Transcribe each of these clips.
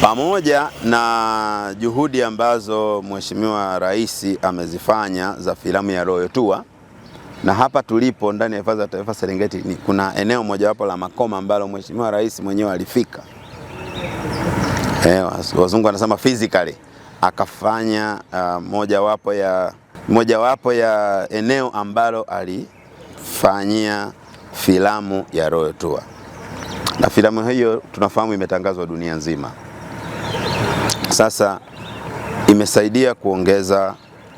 Pamoja na juhudi ambazo Mheshimiwa Rais amezifanya za filamu ya Royal Tour, na hapa tulipo ndani ya Hifadhi ya Taifa Serengeti kuna eneo mojawapo la Makoma ambalo Mheshimiwa Rais mwenyewe alifika, eh, wazungu wanasema physically, akafanya uh, mojawapo ya, mojawapo ya eneo ambalo alifanyia filamu ya Royal Tour, na filamu hiyo tunafahamu imetangazwa dunia nzima. Sasa imesaidia kuongeza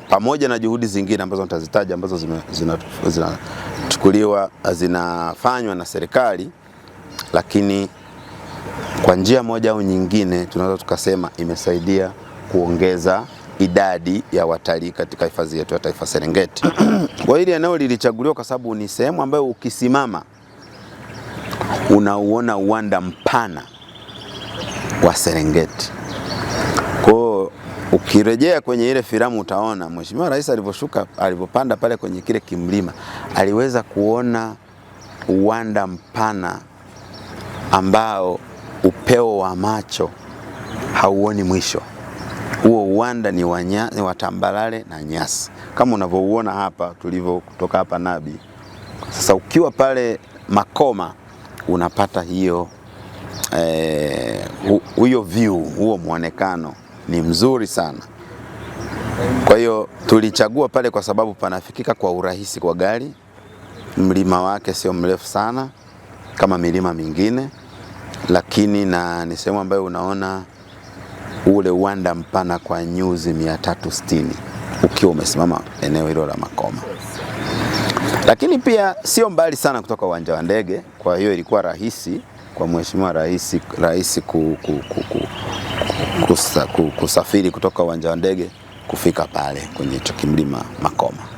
pamoja na juhudi zingine ambazo nitazitaja ambazo zinachukuliwa zina, zinafanywa na serikali, lakini kwa njia moja au nyingine tunaweza tukasema imesaidia kuongeza idadi ya watalii katika hifadhi yetu ya taifa Serengeti. Kwa hili eneo lilichaguliwa kwa sababu ni sehemu ambayo ukisimama unauona uwanda mpana wa Serengeti Kwao ukirejea kwenye ile filamu utaona Mheshimiwa Rais alivyoshuka, alivyopanda pale kwenye kile kimlima, aliweza kuona uwanda mpana ambao upeo wa macho hauoni mwisho. Huo uwanda ni wa tambalale na nyasi kama unavyouona hapa kutoka hapa Nabi. Sasa ukiwa pale Makoma unapata hiyo eh, hu, huyo view huo mwonekano ni mzuri sana. Kwa hiyo tulichagua pale kwa sababu panafikika kwa urahisi kwa gari, mlima wake sio mrefu sana kama milima mingine, lakini na ni sehemu ambayo unaona ule uwanda mpana kwa nyuzi 360 ukiwa umesimama eneo hilo la Makoma, lakini pia sio mbali sana kutoka uwanja wa ndege, kwa hiyo ilikuwa rahisi kwa Mheshimiwa Rais, rais ku, ku, ku, ku, kusa, ku, kusafiri kutoka uwanja wa ndege kufika pale kwenye chokimlima Makoma.